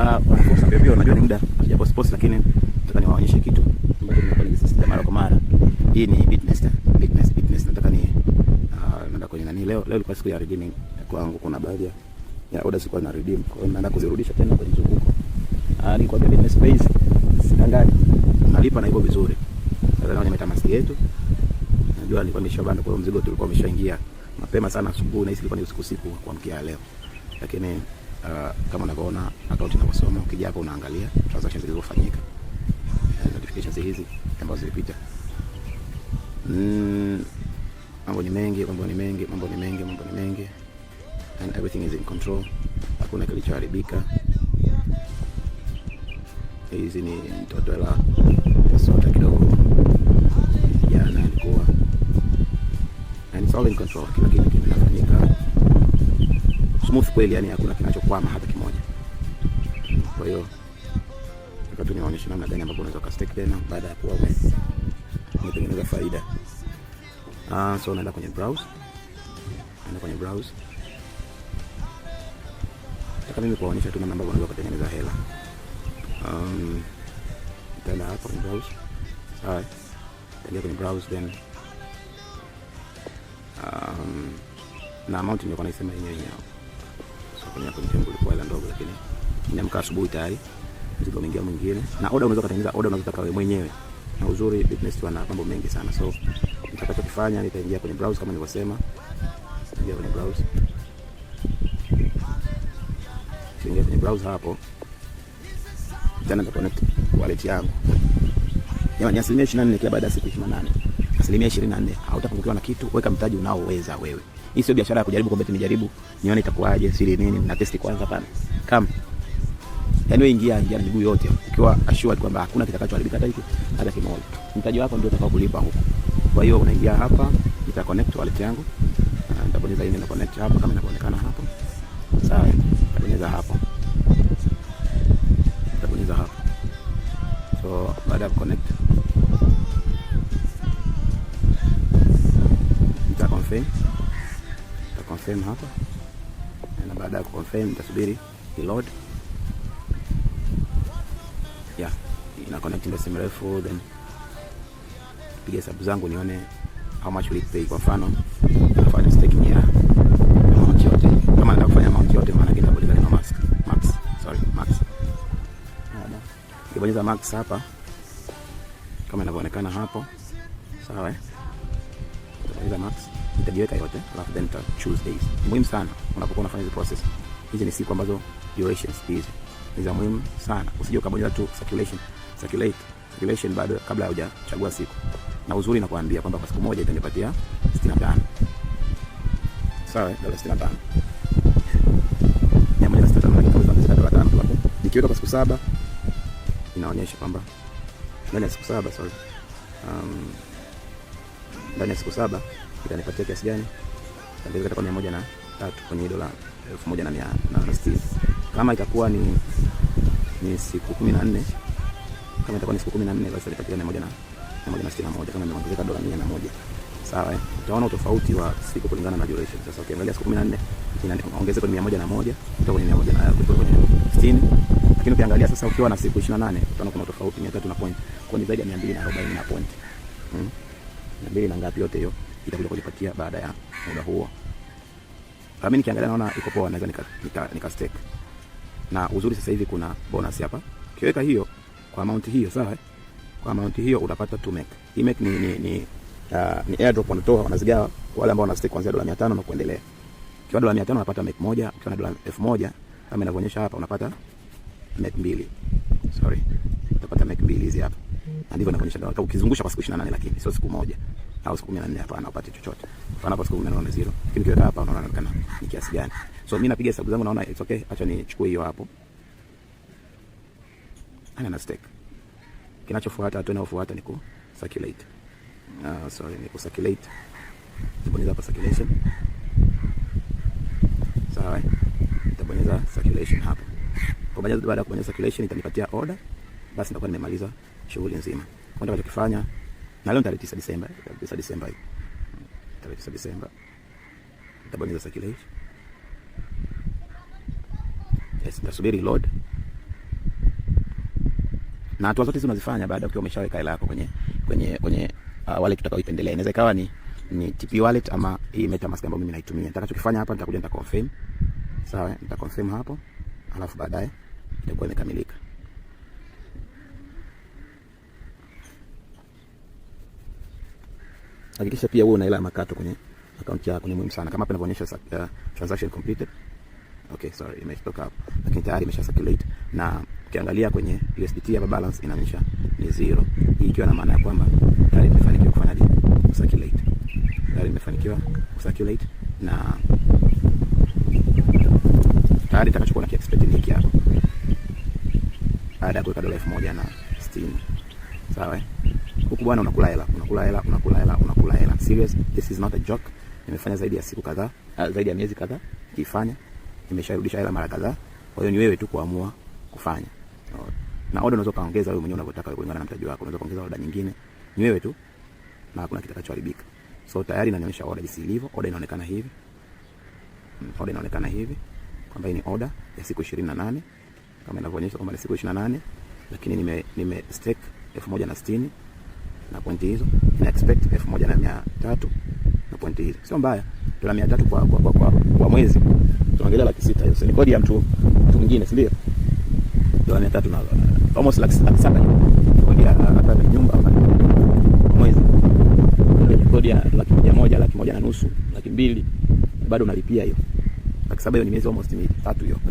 Ah, unajua ni muda japo sports, lakini nataka niwaonyeshe kitu ambacho nimekuwa nikisisitiza mara kwa mara. Hii ni fitness fitness fitness, nataka ni ah, naenda kwenye nani leo. Leo ilikuwa siku ya redeeming kwangu, kuna baadhi ya orders zilikuwa na redeem, kwa hiyo naenda kuzirudisha tena kwenye mzunguko. Ah, ni kwa fitness space, sidangani, nalipa na iko vizuri. Sasa naona nimeleta yetu, najua nilikuwa nimeshabanda, kwa hiyo mzigo tulikuwa umeshaingia mapema sana asubuhi, na hisi ilikuwa ni usiku usiku kuamkia leo, lakini uh, kama unavyoona account inavyosoma, ukija hapo unaangalia transactions zilizofanyika, uh, notifications hizi ambazo zilipita. Mm, mambo ni mengi, mambo ni mengi, mambo ni mengi, mambo ni mengi and everything is in control, hakuna kilichoharibika. Hizi ni mtoto la sota kidogo, jana alikuwa and it's all in control, kila kitu smooth kweli, yani hakuna kinachokwama hata kimoja. Kwa hiyo nataka tu niwaonyeshe namna gani ambapo unaweza ka stake tena baada ya kuwa umetengeneza faida. Ah, so unaenda kwenye browse, unaenda kwenye browse. Nataka mimi kuwaonyesha tu namna ambapo unaweza kutengeneza hela. Um, tena hapa kwenye browse. Haya. Tena kwenye browse then um, na amount nilikuwa naisema yenyewe yenyewe sokoni yako mtembo ilikuwa ila ndogo, lakini niamka asubuhi tayari mzigo mwingine mwingine, na oda unaweza kutengeneza oda unazotaka wewe mwenyewe, na uzuri Bitnest wana mambo mengi sana. So nitakachokifanya nitaingia kwenye browser kama nilivyosema, ingia kwenye browser, ingia kwenye browser hapo, tena nita connect wallet yangu, Jamani, asilimia 24 baada ya siku 28 asilimia 24 hautapungukiwa na kitu. Weka mtaji unaoweza wewe. Hii sio biashara ya kujaribu kwamba nimejaribu nione itakuwaje, siri nini na testi kwanza. Hapana, kama yani wewe ingia ingia na miguu yote, ukiwa assured kwamba hakuna kitakachoharibika hata hiki hata kimoja. Mtaji wako ndio utakao kulipa huko. Kwa hiyo unaingia hapa, nita connect wallet yangu, ah, nitabonyeza ile na connect hapa, kama inaonekana hapo. Sawa, nitabonyeza hapo, nitabonyeza hapo. So baada ya connect confirm. Ta confirm hapa na baada ya confirm tasubiri iload. Yeah, ina connect ndio simu refu then piga hesabu zangu nione how much will it pay. Kwa mfano nafanya staking ya amount yote, kama nataka kufanya amount yote, maana kina ni max max, sorry max. max hapa kama inavyoonekana hapo, sawa eh, Bonyeza max nitajiweka yote, alafu then nita choose days. Ni muhimu sana unapokuwa unafanya hizo process. Hizi ni siku ambazo durations hizi ni za muhimu sana, usije ukabonyeza tu circulation circulate circulation bado kabla hujachagua siku. Na uzuri nakwambia kwamba kwa siku moja itanipatia 65 sawa, dola 65 nikiweka kwa siku saba inaonyesha kwamba ndani ya siku saba sorry, um, ndani ya siku saba itanipatia kiasi gani? Itaongezeka itakuwa mia moja na tatu kwenye dola elfu moja na mia na sitini. Kama itakuwa ni ni siku kumi na nne kama itakuwa ni siku kumi na nne basi itanipatia mia moja na mia moja na sitini na moja kama imeongezeka dola mia na moja. Sawa, eh? utaona utofauti wa siku kulingana na duration. Sasa ukiangalia siku 14 ina ongezeko na moja kutoka kwenye 100 kutoka kwenye 60, lakini ukiangalia sasa ukiwa na siku 28 utaona kuna tofauti 300 na point, kwa ni zaidi ya 240 na point. mm na mbili na ngapi, yote hiyo itakuja kujipatia baada ya muda huo. Ah, mimi nikiangalia naona iko poa, naweza nika, nika, nika stake. Na uzuri sasa hivi kuna bonus hapa, ukiweka hiyo kwa amount hiyo, sawa, eh? kwa amount hiyo utapata 2 make. Hii make ni ni ni, uh, ni airdrop wanatoa wanazigawa wale ambao wana stake kuanzia dola 500 na kuendelea. Ukiwa dola 500 unapata make moja, ukiwa na dola 1000 kama inavyoonyesha hapa unapata make mbili. Sorry. Utapata make mbili hizi hapa. Ndivyo inavyoonyesha dola. Ukizungusha kwa siku 28 lakini sio siku moja au siku 14 hapana, upate chochote. Hapana, hapa siku 14 unaona zero, lakini kiweka hapa unaona inaonekana ni kiasi gani. So mimi napiga hesabu zangu, naona it's okay, acha nichukue hiyo hapo. Ana na stake, kinachofuata hatua inayofuata ni ku circulate. Ah, Uh, sorry ni ku circulate, bonyeza hapa circulation. Sawa, nitabonyeza circulation hapo. Kwa baada ya kubonyeza circulation itanipatia order, basi nitakuwa nimemaliza shughuli nzima. Kwa nini nachokifanya na leo tarehe 9 Disemba, 9 Disemba hiyo, tarehe 9 Disemba tabonyeza sakile circulate. Yes, tasubiri load na hatua zote hizo unazifanya baada ukiwa umeshaweka hela yako kwenye kwenye kwenye uh, wallet utakayoipendelea. Inaweza ikawa ni ni TP wallet ama hii MetaMask ambayo mimi naitumia. Nitakachokifanya hapa nitakuja nitaconfirm. Sawa, nitaconfirm hapo. Alafu baadaye itakuwa imekamilika. hakikisha pia wewe una hela ya makato kwenye akaunti yako, ni muhimu sana. Kama hapa inavyoonyesha uh, eh, transaction completed. Okay, sorry, imetoka hapo, lakini tayari imesha circulate, na ukiangalia kwenye USDT hapa balance inaonyesha ni zero, hii ikiwa na maana ya kwamba tayari imefanikiwa kufanya circulate, tayari imefanikiwa circulate na tayari nitakachokuwa na expect ni hiki hapo baada ya kuweka dola elfu moja na sitini sawa. Eh? huku bwana, unakula hela, unakula hela, unakula hela, unakula hela. Serious, this is not a joke. Nimefanya zaidi ya siku kadhaa, uh, zaidi ya miezi kadhaa nikifanya, nimesharudisha hela mara kadhaa. Kwa hiyo ni wewe tu kuamua kufanya na oda unaweza kaongeza wewe mwenyewe unavyotaka kulingana na mtaji wako. Unaweza kaongeza oda nyingine, ni wewe tu na hakuna kitakachoharibika. So tayari nanionyesha oda jinsi ilivyo. Oda inaonekana hivi, mm, oda inaonekana hivi kwamba hii ni oda ya siku 28 kama inavyoonyesha kwamba ni siku 28, lakini nime nime stake elfu moja na sitini na pointi hizo, ina expect elfu moja na mia tatu na pointi hizo, sio mbaya, dola mia tatu kwa, kwa, kwa, kwa, kwa mwezi, tunaongelea laki sita. Hiyo ni kodi ya mtu mtu mwingine, si ndio? Dola mia tatu na almost laki saba kodi ah, ya nyumba kwa mwezi, kodi ya laki moja moja, laki moja na nusu, laki mbili, bado unalipia hiyo laki saba. Hiyo ni miezi almost mitatu hiyo.